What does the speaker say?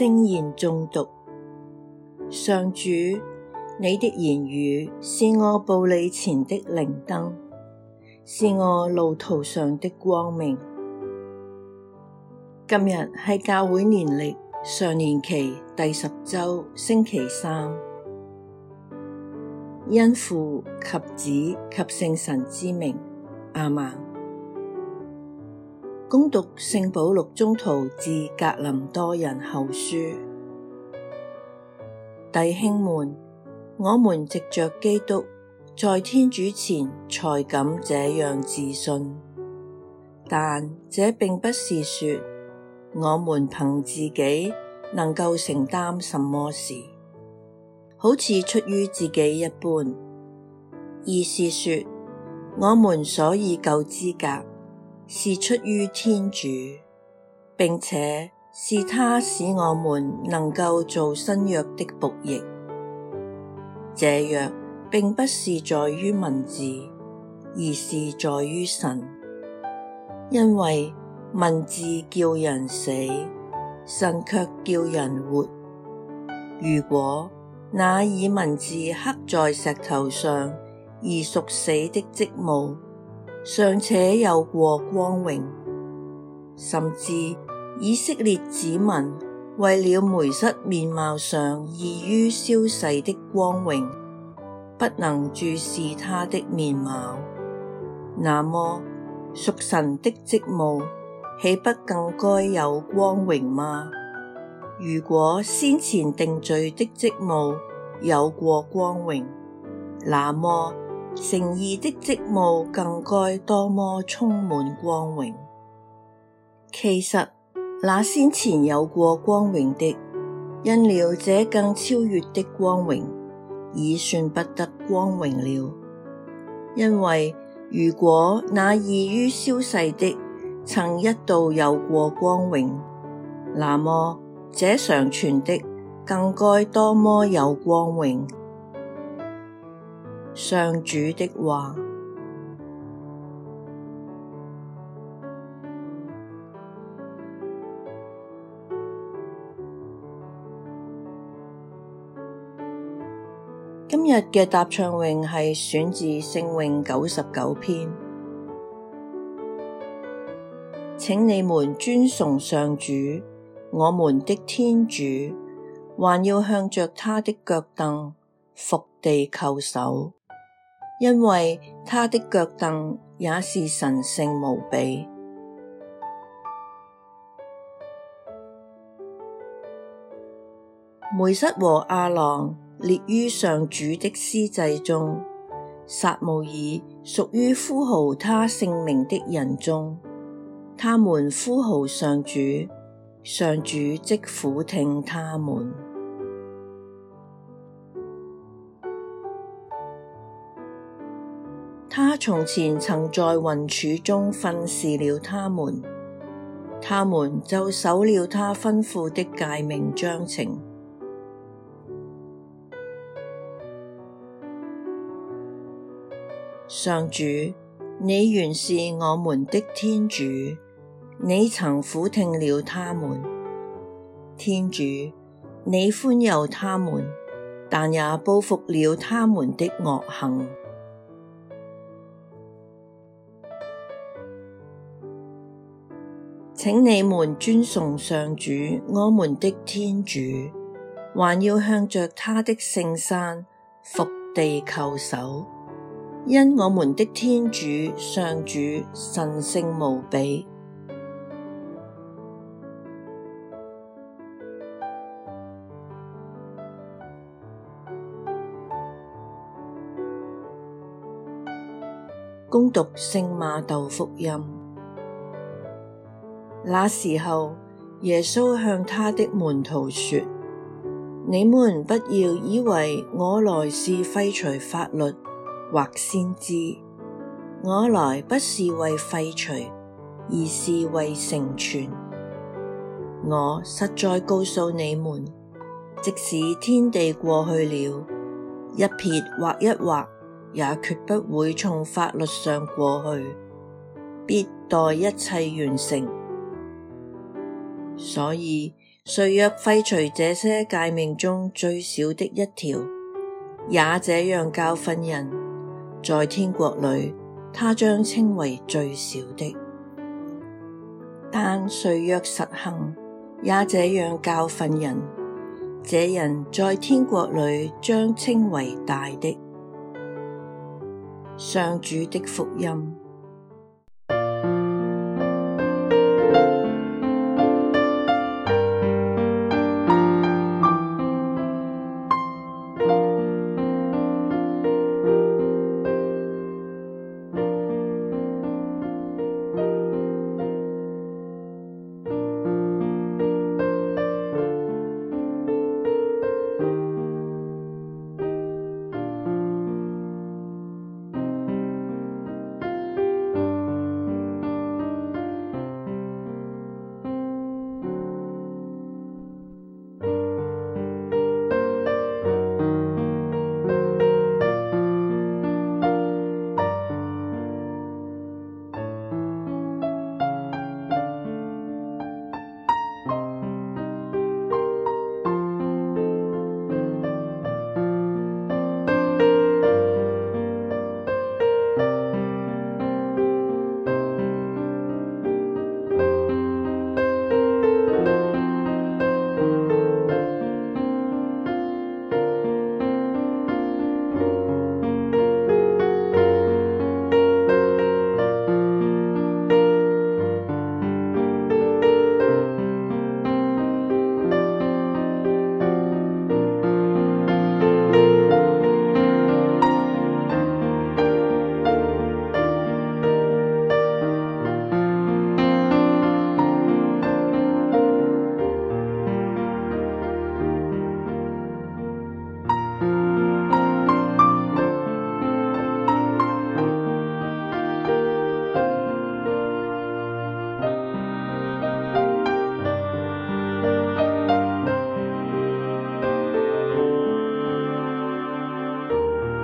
聖言誦讀。上主，你的言語是我步履前的靈燈，是我路途上的光明。今日係教會年曆常年期第十周星期三，因父及子及聖神之名，阿們。恭讀聖保禄宗徒致格林多人後書，弟兄們，我們藉着基督在天主前才敢這樣自信，但這並不是說我們憑自己能夠承擔什麼事，好似出於自己一般，而是說我們所以夠資格。是出於天主，並且是他使我們能夠做新約的僕役。這約並不是在於文字，而是在於神，因為文字叫人死，神卻叫人活。如果那以文字刻在石頭上而屬死的職務，尚且有過光榮，甚至以色列子民為了梅瑟面貌上易於消逝的光榮，不能注視他的面貌，那麼，屬神的職務豈不更該有光榮嗎？如果先前定罪的職務有過光榮，那麼，成義的職務更該多麼充滿光榮。其實，那先前有過光榮的，因了這更超越的光榮，已算不得光榮了。因為如果那易於消逝的曾一度有過光榮，那麼這常存的更該多麼有光榮。上主的話，今日嘅答唱詠係選自聖詠九十九篇。請你們尊崇上主，我們的天主，還要向着他的腳凳伏地叩首。因為他的腳凳也是神聖無比。梅瑟和亞郎列於上主的司祭中，撒慕爾屬於呼號他聖名的人中，他們呼號上主，上主即俯聽他們。他從前曾在雲柱中訓示了他們，他們就守了他吩咐的誡命章程。上主，你原是我們的天主，你曾俯聽了他們。天主，你寬宥他們，但也報復了他們的惡行。請你們尊崇上主，我們的天主，還要向着他的聖山伏地叩首，因我們的天主上主神聖無比。恭讀聖馬竇福音。那時候，耶穌向他的門徒說：你們不要以為我來是廢除法律或先知，我來不是為廢除，而是為成全。我實在告訴你們，即使天地過去了一撇或一畫，也決不會從法律上過去，必待一切完成。所以，誰若廢除這些誡命中最小的一條，也這樣教訓人，在天國裏，他將稱為最小的；但誰若實行，也這樣教訓人，這人在天國裏將稱為大的。上主的福音。